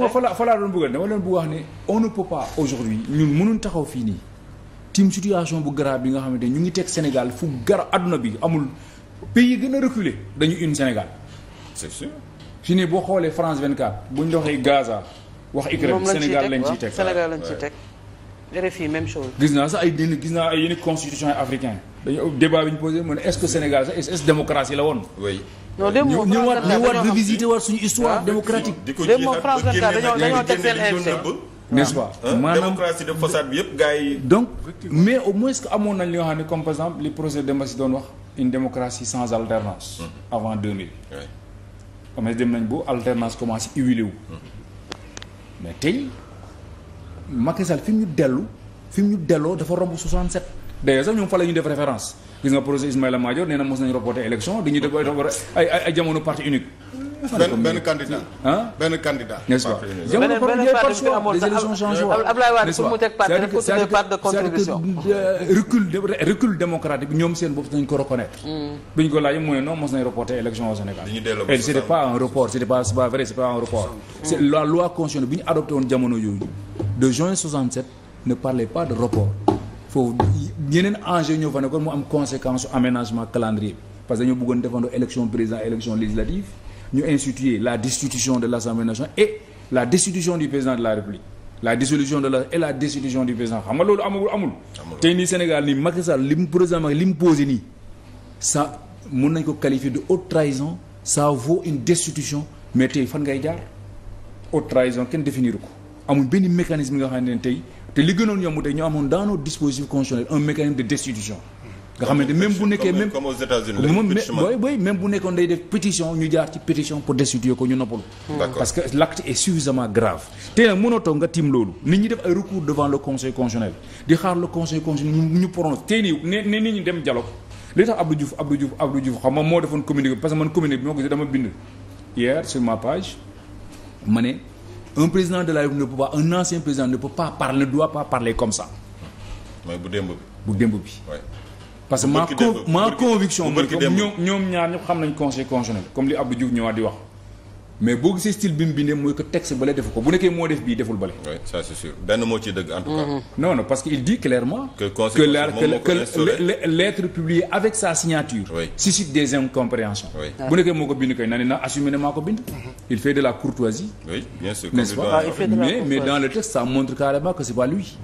nga folaa la fa laa doon leen bëgg wax ne on ne peut pas aujourd'hui ñun mënuñ taxaw fii nii tim situation bu grave bi nga xamante ñu ngi teg Sénégal fu gara àdduna bi amul pays yi gën a reculé dañu une Sénégal c'est sûr fii nii boo xoolee France 24 buñ doxee Gaza wax Ukraine Sénégal lañ ciy teg Sénégal lañ ciy teg RFI même chose. gis naa sax ay yenn gis naa ay yenn constitution africain dañu débat bi ñu posé mu ne est-ce que Sénégal sax est-ce ah, démocratique. di ko a dañoo ah. ce pas ah, maanaam de façade bi yëpp gars donc mais au moins que amoon nañ li nga xam ne comme par exemple li procès Demba Sy doon wax une démocratie sans alternance. Mm-hmm. avant 2000. oui xam dem nañ bu alternance commencé huilé wu. Mm-hmm. mais tey. Macky Sall fi mu ñu dellu fi mu ñu delloo dafa romb 67. d'ailleurs sax ñoom fa la def référence gis nga projet Ismaïla Madior nee na mos nañu reporter élection dañuy def ay ay jamono parti unique. benn benn candidat. ko reconnaître. Mm. bi ñu ko laajee mooy non mos nañu reporter élection au Sénégal. c'était pas un report c'était pas c'est pas c'est pas un report. Mm. c'est loi constitutionnelle bi ñu adopté woon jamono yooyu. de juin 67 ne parlait pas de report foofu yeneen enjeu ñoo fa ko mu am conséquence aménagement calendrier parce que ñoo bëggoon defandoo élection président élection législative ñu instituer la destitution de l'Assemblée nationale et la destitution du président de la République la dissolution de la et la destitution du président xam nga loolu amul amul. tey nii Sénégal nii Macky Sall li mu président Macky li mu posé nii sa mun nañ ko qualifier de haute trahison ça une destitution mais fan ngay jaar haute trahison kenn définir ko. amuñ benn mécanisme nga xam ne tey te li gënoon yomb tey ñu amoon dans nos dispositifs constitutionnels un de destitution. nga xamante même bu nekkee même bu nekkoon day def pétition ñu jaar ci pétition pour destituer ko ñu noppalu. parce que l'acte est suffisamment grave. tey nag mënoo toog nga tiim loolu nit ñi def ay recours devant le conseil constitutionnel di xaar le conseil constitutionnel ñu ñu tey nii nit ñi dem dialogue li tax Abdou Diouf Abdou Diouf un président de la République ne peut pas un ancien président ne peut pas parler ne doit pas parler comme ça. mooy bu démb bi. bu démb bi. parce que ma ma conviction. bu ñoom ñaar ñëpp xam nañ conseil constitutionnel comme li Abdou Diouf ñëwaat di wax. mais boo gisee style bi mu bindee mooy que texte bële defu ko bu nekkee moo def bii deful bële. Mm-hmm. non non parce que dit clairement. que que que lettre publiée avec sa signature. suscite des incompréhensions. bu nekkee moo ko bind kay na na assumé ne maa ko bind. Mm-hmm. il fait de la courtoisie. oui bien sûr nest ah, mais mais dans le texte ça montre carrément que c'est pas lui.